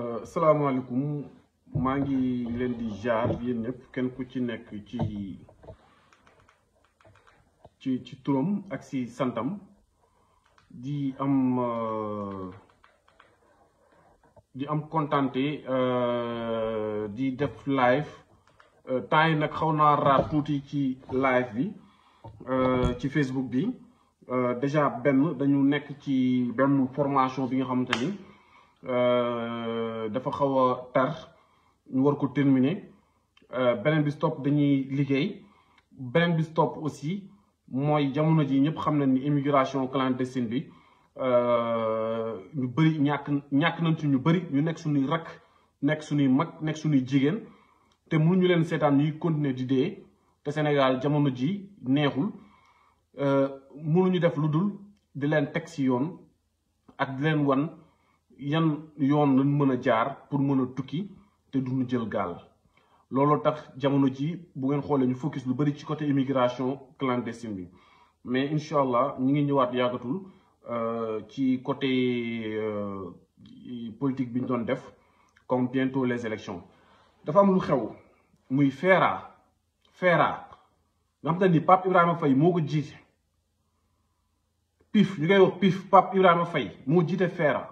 Euh, salaamaaleykum maa ngi leen di jaar yéen ñëpp kenn ku ci nekk ci ci ci turam ak si santam di am euh, di am kontante euh, di def live temps yi nag xaw naa raar tuuti ci live bi ci Facebook bi déjà benn dañu nekk ci benn formation bi nga xamante ni. Euh, dafa xaw a tar ñu war ko terminer euh, beneen bi stop dañuy liggéey beneen bi stop aussi mooy jamono ji ñëpp xam nañ ni immigration clandestine bi euh, ñu bëri ñàkk ñàkk nañ ci ñu bëri ñu nekk suñuy rakk nekk suñuy mag nekk suñuy jigéen te mu ñu leen seetaan ñuy continuer di dee te Sénégal jamono ji neexul mënuñu def lu dul di leen teg ci yoon ak di leen wan Il yoon lañ pour mën te duñu jël gal lolo tax jamono ji bu ngeen ñu focus côté immigration clandestine mais inshallah, nous ñu ngi ñëwaat euh, côté euh, politique bi def comme bientôt les élections dafa am lu xew FERA FERA nga xam Pape Ibrahima Faye PIF ñu PIF Pape Ibrahima Faye mo FERA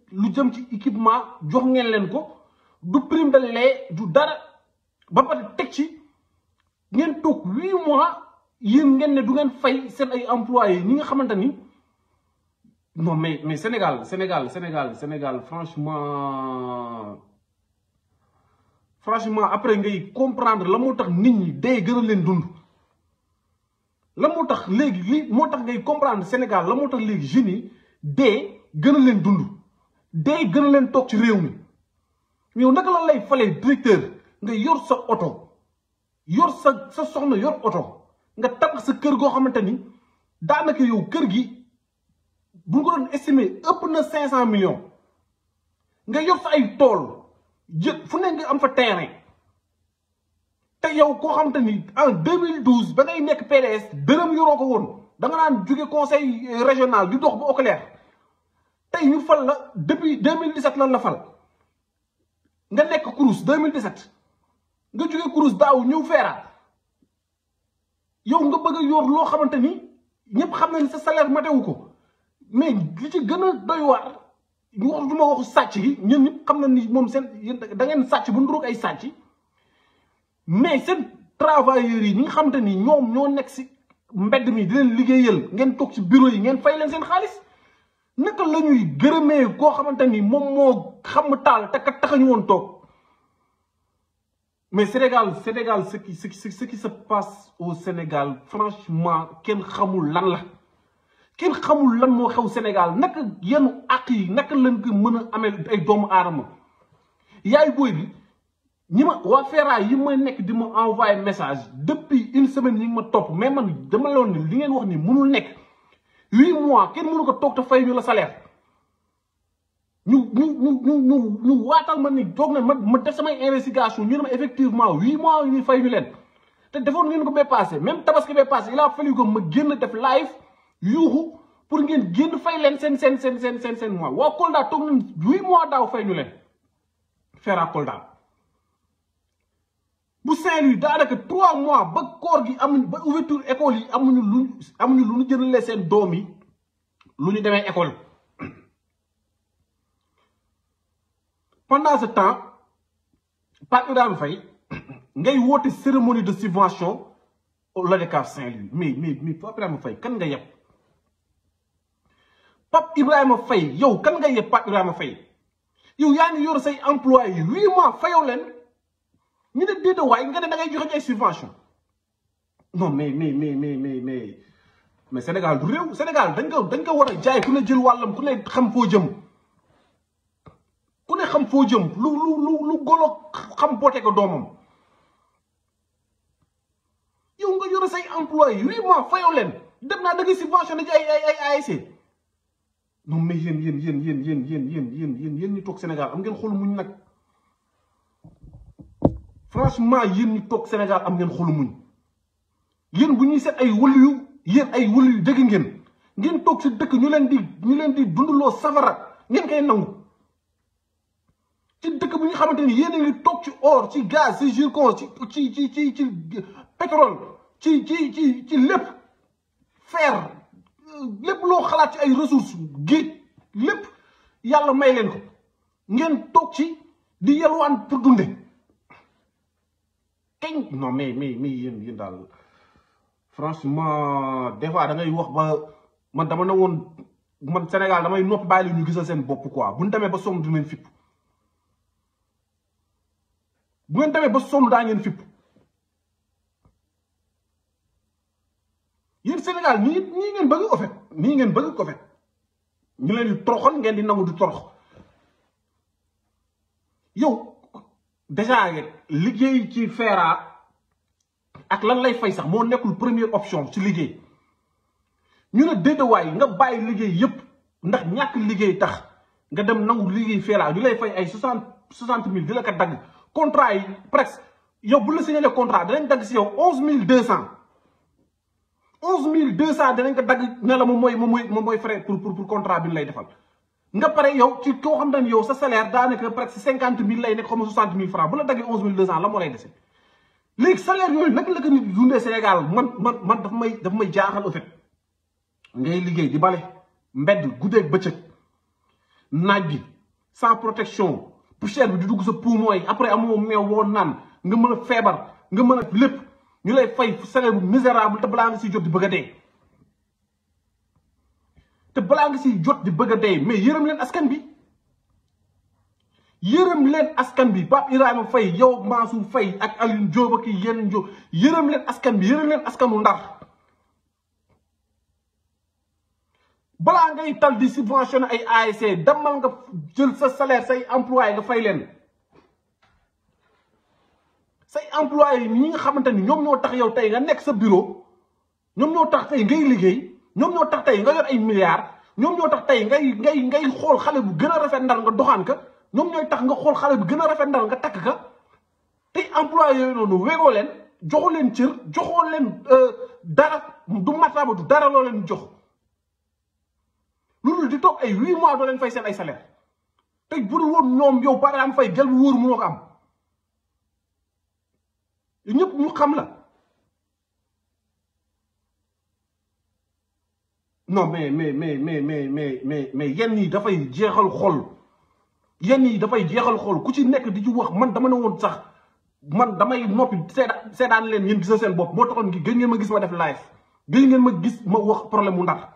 lu jëm ci équipement jox ngeen leen ko du prime de lait du dara ba pare teg ci ngeen toog huit mois yéen ngeen ne du ngeen fay seen ay employés ñi nga xamante ni non mais mais Sénégal Sénégal Sénégal Sénégal franchement franchement après ngay comprendre la moo tax nit ñi day gën a leen dund. la moo tax léegi li moo tax ngay comprendre Sénégal la moo tax léegi jeunes yi gën a leen dund. day gën leen toog ci réew mi yow naka la lay fale directeur nga yor sa oto yor sa sa soxna yor oto nga tabax sa kër goo xamante ni daanaka yow kër gi bu nga ko doon estimé ëpp na cinq cent millions nga yor sa ay tool jë fu ne nga am fa terrain te yow koo xamante ni en 2012 ba ngay nekk PDS dërëm yoroo ko woon da nga naan jóge conseil régional di dox ba Oclair tey ñu fal la depuis 2017 lan la fal nga nekk Crous 2017 nga jógee Crous daaw ñëw Feera yow nga bëgg a yor loo xamante ni ñëpp xam nañ sa salaire matewu ko mais li ci gën a doy waar ñu wax du ma waxu sàcc yi ñun ñëpp xam na ni moom seen yéen da ngeen sàcc bu nduroog ay sàcc mais seen travailleurs yi ñi nga xamante ni ñoom ñoo nekk si mbedd mi di leen liggéeyal ngeen toog ci bureau yi ngeen fay leen seen xaalis. la ñuy gërëmee koo xamante ni moom moo te ka taxañu woon mais Sénégal Sénégal ce qui ce qui ce qui se passe au Sénégal franchement ken xamul lan la Ken xamul lan moo xew Sénégal naka yenn àq yi naka lañ ko mën a amee ay doomu aadama yaay booy bi ñi ma waa Feera yi ma nekk di ma message depuis une semaine ñi ma top, mais man dama loon ni li ngeen wax ni mënul nekk huit mois kenn mënu ko toog te fay ñu la salaire ñu ñu ñu ñu waatal ma ni toog na ma ma def samay investigation ñu ne ma effectivement huit mois ñu fay ñu leen te defoon ngeen ko bee passé même tabaski bee passé il a fallu que ma génn def live yuuxu pour ngeen génn fay leen seen seen seen seen seen seen mois waa Kolda toog nañ huit mois daaw fay ñu leen Fera Kolda bu Saint-Louis a trois mois ba koor gi ba ouverture école amuñu amuñu lu ñu école. pendant ce temps Pape Ibrahima a ngay cérémonie de subvention au l'ODCAV Saint-Louis mais mais mais Faye kan nga yeb y Ibrahim Faye yow kan nga yeb Ibrahima Faye yow yor say mois ñu dee déedéet waaye nga ne da ngay joxe ay subvention non mais mais mais mais mais mais mais Sénégal du réew senegal dañ ko dañ ko war a jaay ku ne jël wàllam ku ne xam foo jëm ku ne xam foo jëm lu lu lu lu golo xam boote ko doomam yow nga yore say employé huit mois fayoo leen dem naa da ngay subventionné ci ay ay ay ASC non mais yéen yéen yéen yéen yéen yéen yéen yen yéen yéen ñu toog Sénégal am ngeen xool muñ nag franchement yéen ñi toog Sénégal am ngeen xolu muñ yéen bu ñuy seet ay wëliyu yéen ay wëliyu dëgg ngeen ngeen toog si dëkk ñu leen di ñu leen di dundaloo safara ngeen koy nangu ci dëkk bu ñu xamante ni yéen toog ci or ci gaz ci zircon ci ci ci ci ci pétrole ci ci ci ci lépp fer euh, lépp loo xalaat ci ay ressources géej lépp yàlla may leen ko ngeen toog ci di yelwaan pour dunde teñ non mais mais mais yéen yéen daal franchement des fois da ngay wax ba man dama ne woon man Sénégal damay noppi bàyyi la gisa seen bopp quoi bu ñu demee ba sonn du leen fipp bu ngeen demee ba sonn daa ngeen fipp yéen Sénégal nii nii ngeen bëgg ko fet nii ngeen bëgg ko fet ñu leen di toroxal ngeen di nangu di torox yow déjà liguey ci fera ak lan lay fay sax mo nekul première option ci liguey ñu ne dédé way nga bay liguey yépp ndax ñak liguey tax nga dem nangul liguey fera ñu lay fay ay 60 60000 dila ka dag contrat presse yow bu la signé le contrat dañ dag ci yow 11200 11200 dañ ko dag na la mo moy mo moy mo moy frais pour pour pour contrat bi lay defal nga pare yow ci koo xam ne yow sa salaire daanaka presque cinquante mille lay nekk xaw ma soixante mille franc bu la daggee onze mille deux cent la moo lay dese léegi salaire yooyu naka la ko nit dundee Sénégal man man man daf may daf may jaaxal au fait ngay liggéey di bale mbedd guddeeg bëccëg naaj bi sans protection poussière bi du dugg sa poumon après amoo meew woo naan nga mën a feebar nga mën a lépp ñu lay fay salaire bu misérable te balaa nga si jot di bëgg a dee te balaa nga siy jot di bëgg a mais yërëm leen askan bi yërëm leen askan bi Pape Ibrahima Faye yow Mansour fay ak Alioune Diop ak yeneen Diop yërëm leen askan bi yërëm leen askanu Ndar balaa ngay tal di subventionné ay ASC demal nga jël sa salaire say employé nga fay leen say employé yi ñi nga xamante ni ñoom ñoo tax yow tey nga nekk sa bureau ñoom ñoo tax tey ngay liggéey ñoom ñoo tax tey nga yor ay milliards ñoom ñoo tax tey ngay ngay ngay xool xale bu gën a rafet ndar nga doxaan ka ñoom ñooy tax nga xool xale bu gën a rafet ndar nga takk ka tey employé noonu wégoo leen joxu leen cër joxoo leen euh, dara du mataaba du dara loo leen jox loolu di toog ay huit mois doo leen fay seen ay salaire tey bu dul woon ñoom yow ba daan fay gel bu wóor mënoo ko am ñëpp ñu xam la non mais mais mais mais mais mais mais mais yenn yi fay jéxal xol yenn yi fay jéxal xol ku ci nek di ci wax man dama ne sax man damay nopi sédane len yeen gis sen bop mo taxone gi ngi gën ngeen ma gis ma def live gën ngeen ma gis ma wax problème mu ndar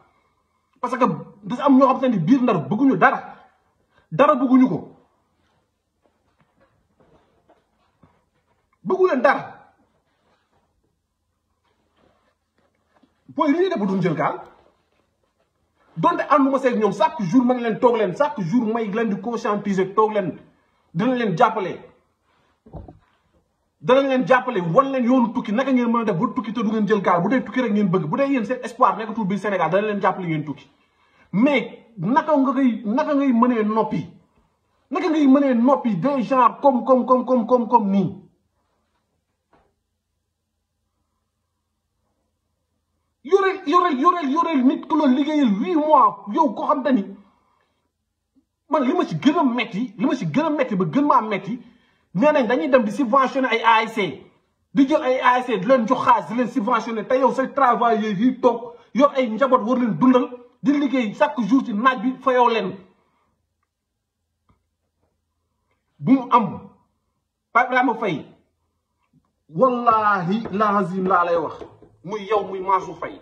parce que da am ñoo xam seen biir ndar ñu dara dara bëgguñu ko bëggu len dara boy ri ñuy bu dun jël gal donte ànduma seeg ñoom chaque jour ma ngi leen toog leen chaque jour may leen di conscientiser toog leen dinañ leen jàppale. danañ leen jàppale wan leen yoonu tukki naka ngeen mën a def ba tukki te du ngeen jël gaal bu dee tukki rek ngeen bëgg bu dee yéen seen espoir nekkatul biir Sénégal danañ leen jàppale ngeen tukki mais naka nga koy naka ngay mënee noppi naka ngay mënee noppi des gens comme comme comme comme comme comme nii. yoreel yoreel yoreel yoreel nit ku la liggéeyal huit mois yow koo xam te ni man ma ci gën a metti li ma ci gën a metti ba gën maa metti nee nañ dañuy dem di subventionné ay ASC di jël ay ASC di leen jox xaalis di leen subventionné te yow say travailleurs yi toog yor ay njaboot war leen di liggéey chaque jour ci naaj bi fa yow leen bu mu am Pape Ibrahima Faye wallahi lazim laa lay wax muy yow muy Mansour Faye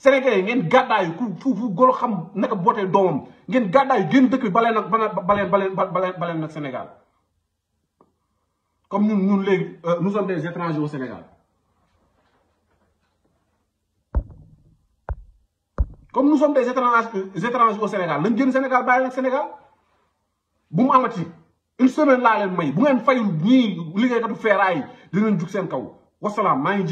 Sénégalais vous gaday des qui golo xam naka boté dëkk bi Sénégal comme nous, euh, nous sommes des étrangers au Sénégal comme nous sommes des étrangers au Sénégal nañ gën Sénégal balen Sénégal bu mu amati une semaine la len may bu qui fayul ñii liggéeykatu dinañ juk vous kaw ma ngi